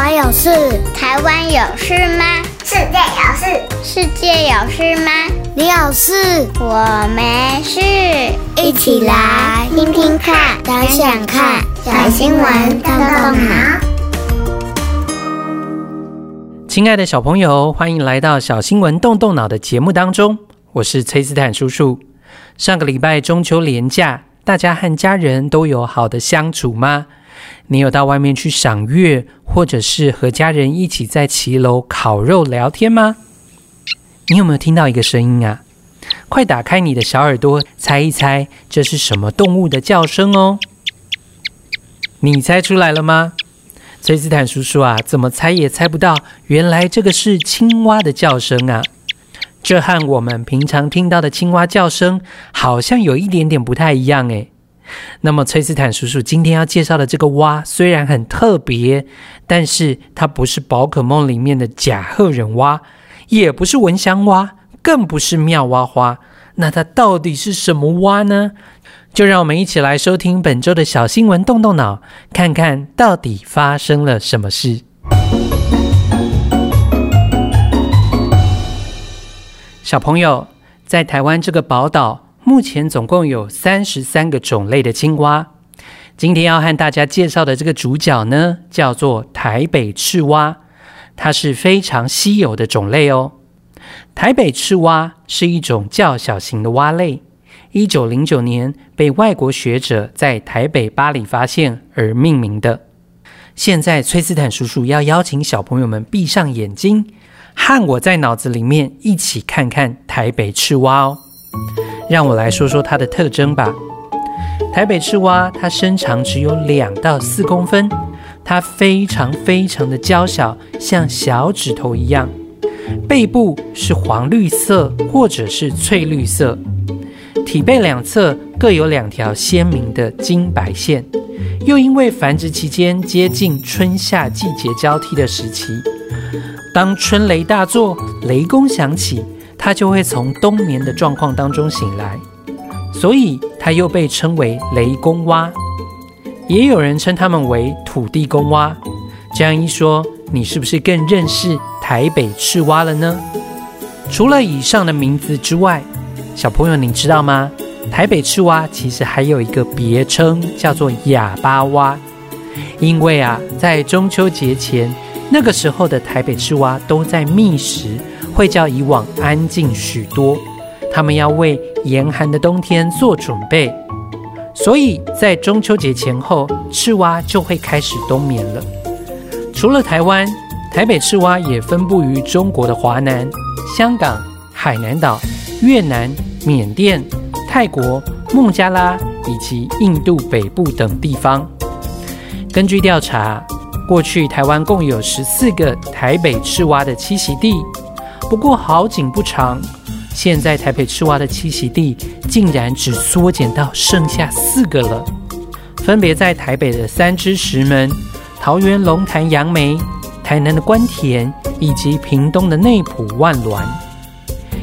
我有事，台灣有事嗎？世界有事，世界有事嗎？你有事，我沒事。一起來聽聽看，想想看，小新聞動動腦。親愛的小朋友，歡迎來到《小新聞動動腦》的節目當中，我是崔斯坦叔叔。上個禮拜中秋連假，大家和家人都有好的相處嗎？你有到外面去賞月，或者是和家人一起在騎樓烤肉聊天嗎？你有沒有聽到一個聲音啊？快打開你的小耳朵，猜一猜這是什麼動物的叫聲哦？你猜出來了嗎？崔斯坦叔叔啊，怎麼猜也猜不到，原來這個是青蛙的叫聲啊。這和我們平常聽到的青蛙叫聲好像有一點點不太一樣誒。那麼，崔斯坦叔叔今天要介紹的這個蛙雖然很特別，但是它不是寶可夢裡面的甲賀忍蛙，也不是蚊香蛙，更不是妙蛙花。那它到底是什麼蛙呢？就讓我們一起來收聽本周的小新聞，動動腦，看看到底發生了什麼事。小朋友，在台灣這個寶島。目前總共有三十三個種類的青蛙。今天要和大家介紹的這個主角呢，叫做台北赤蛙，它是非常稀有的種類哦。台北赤蛙是一種較小型的蛙類，一九零九年被外國學者在台北八裡發現而命名的。現在崔斯坦叔叔要邀請小朋友們閉上眼睛，和我在腦子裡面一起看看台北赤蛙哦。讓我來說說它的特徵吧。台北赤蛙，它身長只有兩到四公分，它非常非常的嬌小，像小指頭一樣。背部是黃綠色或者是翠綠色，體背兩側各有兩條鮮明的金白線。又因為繁殖期間接近春夏季節交替的時期，當春雷大作，雷公響起。它就會從冬眠的狀況當中醒來，所以它又被稱為雷公蛙，也有人稱它們為土地公蛙。這樣一說，你是不是更認識台北赤蛙了呢？除了以上的名字之外，小朋友你知道嗎？台北赤蛙其實還有一個別稱，叫做啞巴蛙，因為啊，在中秋節前，那個時候的台北赤蛙都在覓食。會較以往安靜許多，他們要為嚴寒的冬天做準備，所以在中秋節前後，赤蛙就會開始冬眠了。除了台灣，台北赤蛙也分布於中國的華南、香港、海南島、越南、緬甸、泰國、孟加拉以及印度北部等地方。根據調查，過去台灣共有十四個台北赤蛙的棲息地。不過好景不長，現在台北赤蛙的棲息地竟然只縮減到剩下四個了，分別在台北的三芝石門、桃園龍潭、楊梅、台南的官田以及屏東的內埔萬巒。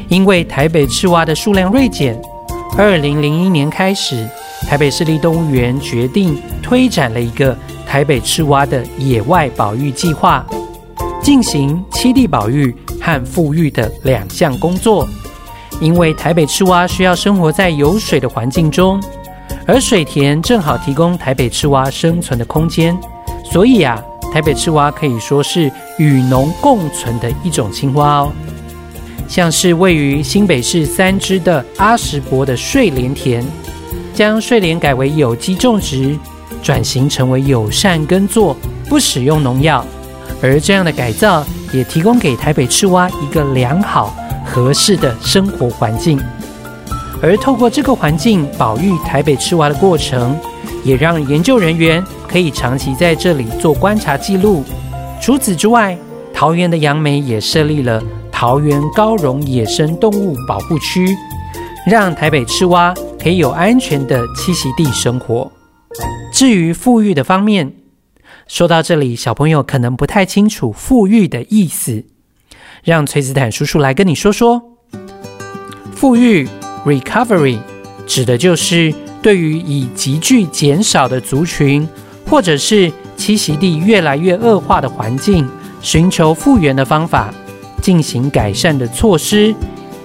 因為台北赤蛙的數量銳減，二零零一年開始，台北市立動物園決定推展了一個台北赤蛙的野外保育計劃，進行棲地保育，和復育的兩項工作，因為台北赤蛙需要生活在有水的環境中，而水田正好提供台北赤蛙生存的空間，所以啊，台北赤蛙可以說是與農共存的一種青蛙哦。像是位於新北市三芝的阿石伯的睡蓮田，將睡蓮改為有機種植，轉型成為友善耕作，不使用農藥，而這樣的改造，也提供給台北赤蛙一個良好、合適的生活環境，而透過這個環境保育台北赤蛙的過程，也讓研究人員可以長期在這裡做觀察記錄。除此之外，桃園的楊梅也設立了桃園高榮野生動物保護區，讓台北赤蛙可以有安全的棲息地生活。至於復育的方面，說到這裡，小朋友可能不太清楚“富裕的意思，讓崔斯坦叔叔來跟你說說。“富裕 r e c o v e r y 指的就是對於已急劇減少的族群，或者是棲息地越來越惡化的環境，尋求復原的方法，進行改善的措施，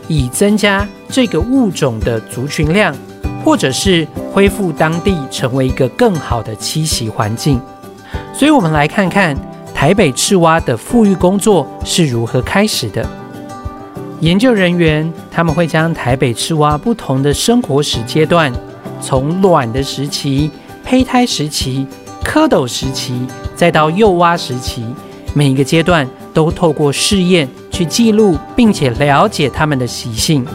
以增加這個物種的族群量，或者是恢復當地成為一個更好的棲息環境。所以，我們來看看台北赤蛙的復育工作是如何開始的。研究人員他們會將台北赤蛙不同的生活史階段，從卵的時期、胚胎時期、蝌蚪時期，再到幼蛙時期，每一個階段都透過試驗去記錄，並且了解它們的習性。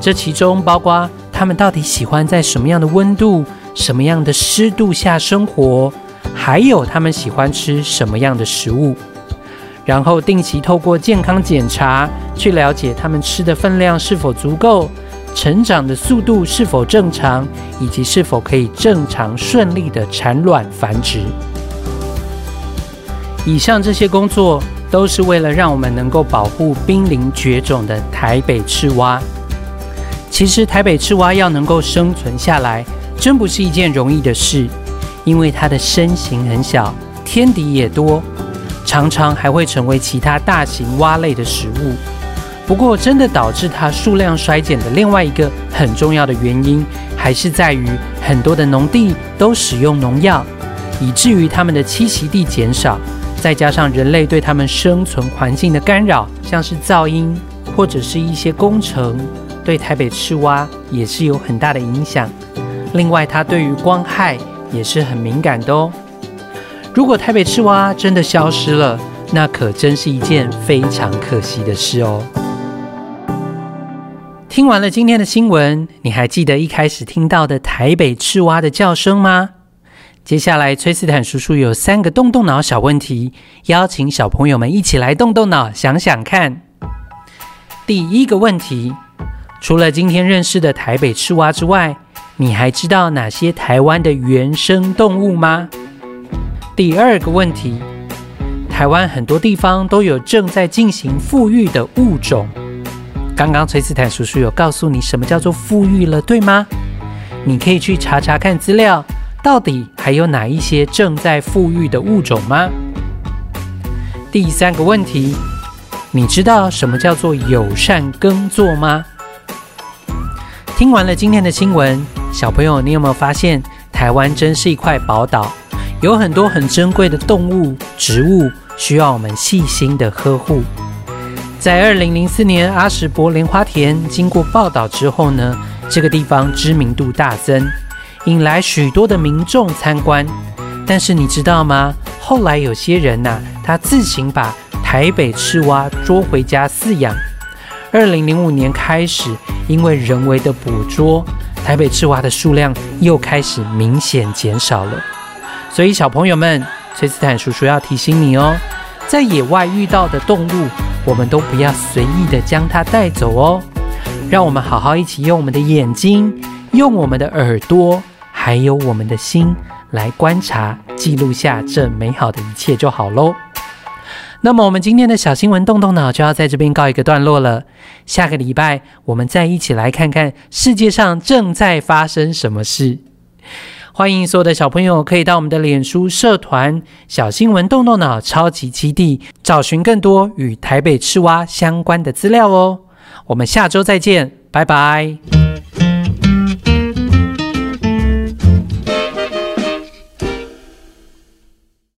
這其中包括它們到底喜歡在什麼樣的溫度、什麼樣的濕度下生活。還有他們喜歡吃什麼樣的食物，然後定期透過健康檢查去了解他們吃的分量是否足夠，成長的速度是否正常，以及是否可以正常順利的產卵繁殖。以上這些工作都是為了讓我們能夠保護瀕臨絕種的台北赤蛙。其實台北赤蛙要能夠生存下來，真不是一件容易的事。因為它的身形很小，天敵也多，常常還會成為其他大型蛙類的食物。不過，真的導致它數量衰減的另外一個很重要的原因，還是在於很多的農地都使用農藥，以至於它們的棲息地減少，再加上人類對它們生存環境的干擾，像是噪音或者是一些工程，對台北赤蛙也是有很大的影響。另外，它對於光害。也是很敏感的哦。如果台北赤蛙真的消失了，那可真是一件非常可惜的事哦。聽完了今天的新聞，你還記得一開始聽到的台北赤蛙的叫聲嗎？接下來，崔斯坦叔叔有三個動動腦小問題，邀請小朋友們一起來動動腦，想想看。第一個問題，除了今天認識的台北赤蛙之外，你還知道哪些台灣的原生動物嗎？第二個問題，台灣很多地方都有正在進行復育的物種。剛剛崔斯坦叔叔有告訴你什麼叫做復育了，對嗎？你可以去查查看資料，到底還有哪一些正在復育的物種嗎？第三個問題，你知道什麼叫做友善耕作嗎？聽完了今天的新聞，小朋友，你有沒有發現台灣真是一塊寶島，有很多很珍貴的動物、植物，需要我們細心的呵護。在二零零四年阿石伯蓮花田經過報道之後呢，這個地方知名度大增，引來許多的民眾參觀。但是你知道嗎？後來有些人吶、啊，他自行把台北赤蛙捉回家飼養。二零零五年開始。因為人為的捕捉，台北赤蛙的數量又開始明顯減少了。所以，小朋友們，崔斯坦叔叔要提醒你哦，在野外遇到的動物，我們都不要隨意的將它帶走哦。讓我們好好一起用我們的眼睛、用我們的耳朵，還有我們的心來觀察、記錄下這美好的一切就好咯。那麼，我們今天的小新聞動動腦就要在這邊告一個段落了。下個禮拜，我們再一起來看看世界上正在發生什麼事。歡迎所有的小朋友可以到我們的臉書社團“小新聞動動腦超級基地”，找尋更多與台北赤蛙相關的資料哦。我們下周再見，拜拜。